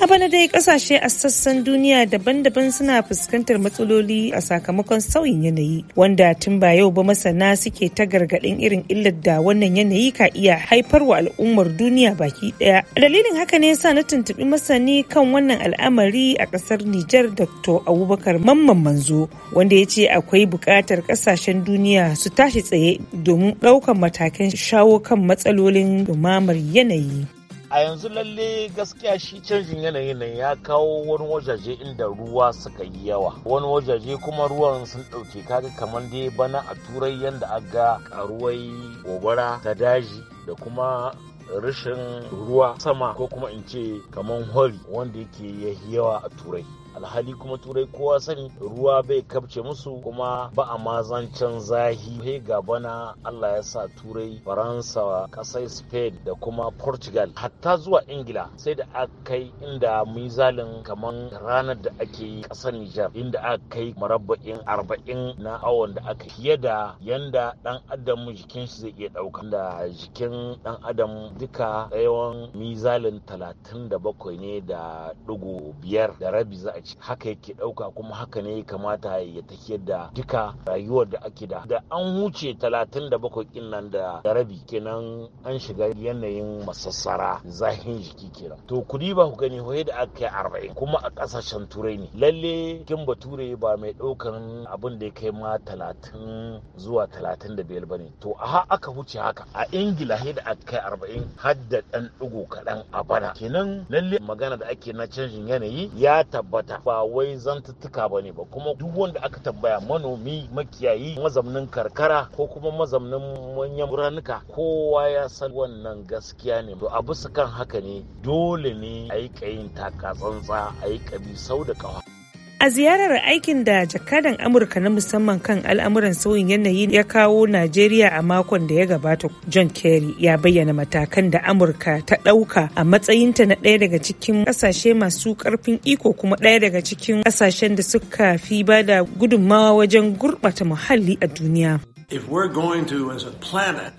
A bana dai kasashe a sassan duniya daban-daban suna fuskantar matsaloli a sakamakon sauyin yanayi wanda tun ba yau ba masana suke ta gargaɗin irin illar da wannan yanayi ka iya haifarwa al'ummar duniya baki ɗaya. Dalilin haka ne sa na tuntuɓi masani kan wannan al'amari a ƙasar Nijar Dr. Abubakar Mamman Manzo wanda ya ce akwai buƙatar ƙasashen duniya su tashi tsaye domin ɗaukar matakan shawo kan matsalolin dumamar yanayi. a yanzu lalle gaskiya shi canjin yanayin nan ya kawo wani wajaje inda ruwa suka yi yawa wani wajaje kuma ruwan sun ɗauke kaga kamar dai bana a turai yanda aga karuwai gobara ta daji da kuma rashin ruwa sama ko kuma in ce kamar hori wanda yake yawa a turai alhali kuma turai kowa sani ruwa bai kabce musu kuma ba a mazancan zahi he ga bana allah ya sa turai faransa kasai spain da kuma portugal hatta zuwa ingila sai da aka kai inda mizalin kamar ranar da ake yi kasar nijar inda aka kai marabba'in arba'in na awon da aka fiye da yanda dan adam jikin shi zai iya dauka da jikin dan adam duka yawan mizalin talatin da bakwai ne da dugu biyar da rabi za a haka yake ɗauka kuma haka ne ya kamata ya tafiyar da duka rayuwar da ake da da an huce talatin da bakwai kin nan da rabi kenan an shiga yanayin masassara zahin jiki kenan to kudi ba ku gani hoye da aka yi arba'in kuma a ƙasashen turai ne lalle kin bature ba mai ɗaukan abin da ya kai ma talatin zuwa talatin da biyar bane to a aka huce haka a ingila he da aka kai arba'in har da ɗan ɗigo kaɗan a bana kenan lalle magana da ake na canjin yanayi ya tabbata ta ba wai zantuttuka ba ne ba kuma duk wanda aka tambaya manomi makiyayi mazamnin karkara ko kuma mazamnin manyan ranuka kowa ya san wannan gaskiya ne to a bisa kan haka ne dole ne a yi kayin takatsantsa a yi kabi sau da kawai. A ziyarar aikin da jakadan Amurka na musamman kan al'amuran sauyin yanayi ya kawo Najeriya a makon da ya gabata John Kerry ya bayyana matakan da Amurka ta ɗauka a matsayinta na ɗaya daga cikin ƙasashe masu ƙarfin iko kuma ɗaya daga cikin ƙasashen da suka fi ba da gudunmawa wajen gurɓata muhalli a duniya. If we're going to, planet,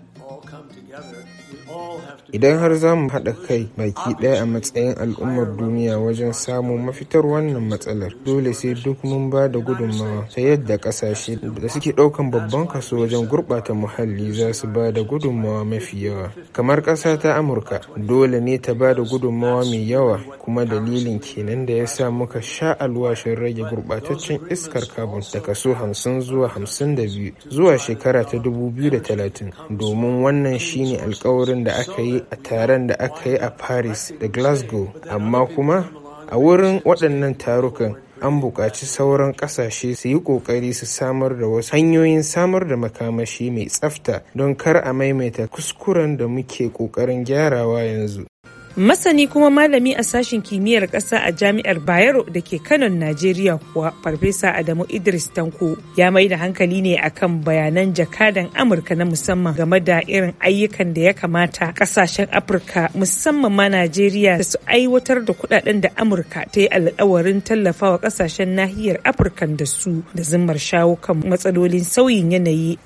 Idan har za mu haɗa kai baki ɗaya a matsayin al'ummar duniya wajen samun mafitar wannan matsalar, dole sai duk mun ba da gudunmawa ta yadda ƙasashe da suke ɗaukan babban kaso wajen gurɓata muhalli za su ba da gudunmawa mafi yawa. Kamar ƙasa ta Amurka, dole ne ta ba da gudunmawa mai yawa kuma dalilin kenan da ya sa muka sha alwashin rage gurɓataccen iskar carbon da kaso 50 zuwa biyu, zuwa shekara ta talatin, domin wannan shine alkawarin taron da aka yi a taron da aka yi a paris da glasgow amma kuma a wurin waɗannan tarukan an buƙaci sauran ƙasashe su yi ƙoƙari su samar da wasu hanyoyin samar da makamashi mai tsafta don kar a maimaita kuskuren da muke ƙoƙarin gyarawa yanzu masani kuma malami a sashen kimiyyar ƙasa a jami'ar bayero da ke kanon najeriya kuwa farfesa adamu idris tanko ya mai da hankali ne akan bayanan jakadan amurka na musamman game da irin ayyukan da ya kamata ƙasashen afirka musamman ma najeriya da su aiwatar da kuɗaɗen da amurka ta yi alkawarin tallafawa ƙasashen nahiyar afirka da su da zimmar shawo kan matsalolin sauyin yanayi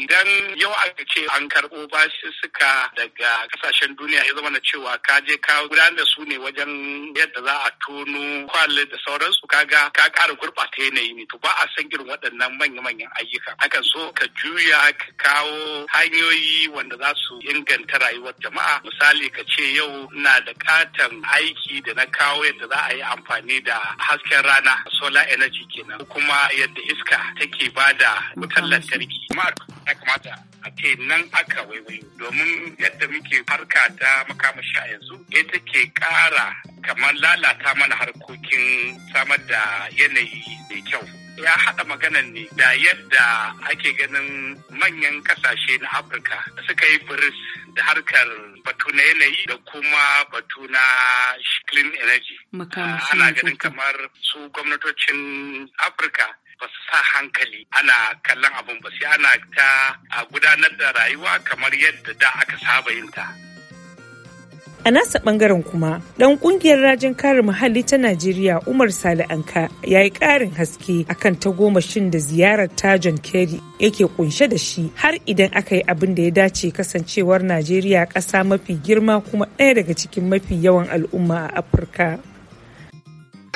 idan yau aka ce an karɓo suka daga kasashen duniya ya zama na cewa ka je ka gudanar da su ne wajen yadda za a tono kwalli da sauransu kaga ka ƙara gurɓata yanayi ne to ba a san irin waɗannan manya-manyan ayyuka akan so ka juya ka kawo hanyoyi wanda za su inganta rayuwar jama'a misali ka ce yau na da katon aiki da na kawo yadda za a yi amfani da hasken rana solar energy kenan kuma yadda iska take bada wutar lantarki ya kamata a ce nan aka waiwayo domin yadda muke harka ta makamashi a yanzu ita ke ƙara kamar lalata mana harkokin samar da yanayi mai kyau ya haɗa maganan ne da yadda ake ganin manyan ƙasashe na afirka suka yi biris da harkar batu na yanayi da kuma batu na clean energy ana ganin kamar su gwamnatocin afirka ba su sa hankali ana kallon abin ba sai ana ta gudanar da rayuwa kamar yadda da aka saba yin ta. A nasa bangaren kuma, ɗan ƙungiyar rajin kare muhalli ta Najeriya Umar Sale Anka ya yi ƙarin haske akan tagomashin da ziyarar ta John Kerry yake kunshe da shi har idan aka yi abin da ya dace kasancewar Najeriya ƙasa mafi girma kuma ɗaya daga cikin mafi yawan al'umma a Afirka.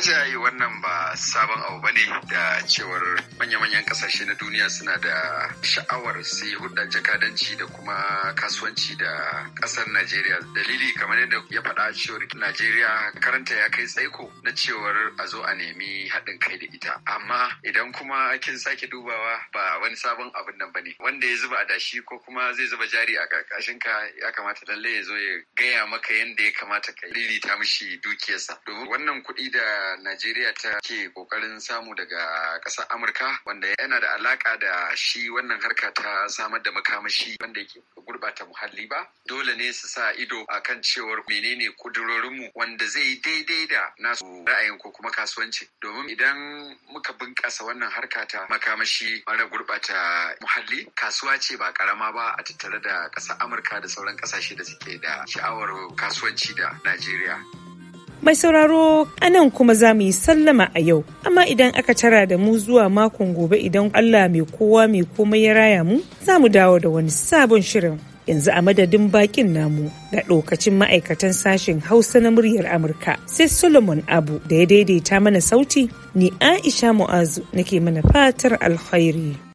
Jayi wannan ba sabon abu ba ne da cewar manya-manyan kasashe na duniya suna da sha'awar su yi hudar jakadanci da kuma kasuwanci da kasar Najeriya. Dalili kamar yadda ya faɗa cewar Najeriya karanta ya kai tsaiko na cewar a zo a nemi haɗin kai da ita. Amma idan kuma kin sake dubawa ba wani sabon abin nan ba ne. Wanda ya zuba adashi ko kuma zai zuba jari a ƙarƙashin ka ya kamata lalle ya zo ya gaya maka yadda ya kamata ka lilita mishi dukiyarsa. Domin wannan kuɗi da Najeriya ta ke kokarin samu daga ƙasar Amurka wanda yana da alaka da shi wannan harka ta samar da makamashi wanda ke gurbata muhalli ba dole ne su sa ido a kan cewar menene kudurorinmu wanda zai yi daidai da nasu ra'ayin ko kuma kasuwanci domin idan muka bunƙasa wannan harka ta makamashi mara gurbata muhalli kasuwa ce ba karama ba a tattare da ƙasar Amurka da sauran ƙasashe da suke da sha'awar kasuwanci da Najeriya. Mai sauraro a nan kuma za mu yi sallama a yau, amma idan aka tara da mu zuwa makon gobe idan Allah mai kowa mai komai ya raya mu, za mu dawo da wani sabon shirin. Yanzu a madadin bakin namu da ɗokacin ma'aikatan sashen Hausa na muryar Amurka sai Solomon Abu da ya daidaita mana sauti, ni Aisha Mu'azu nake mana fatar alkhairi.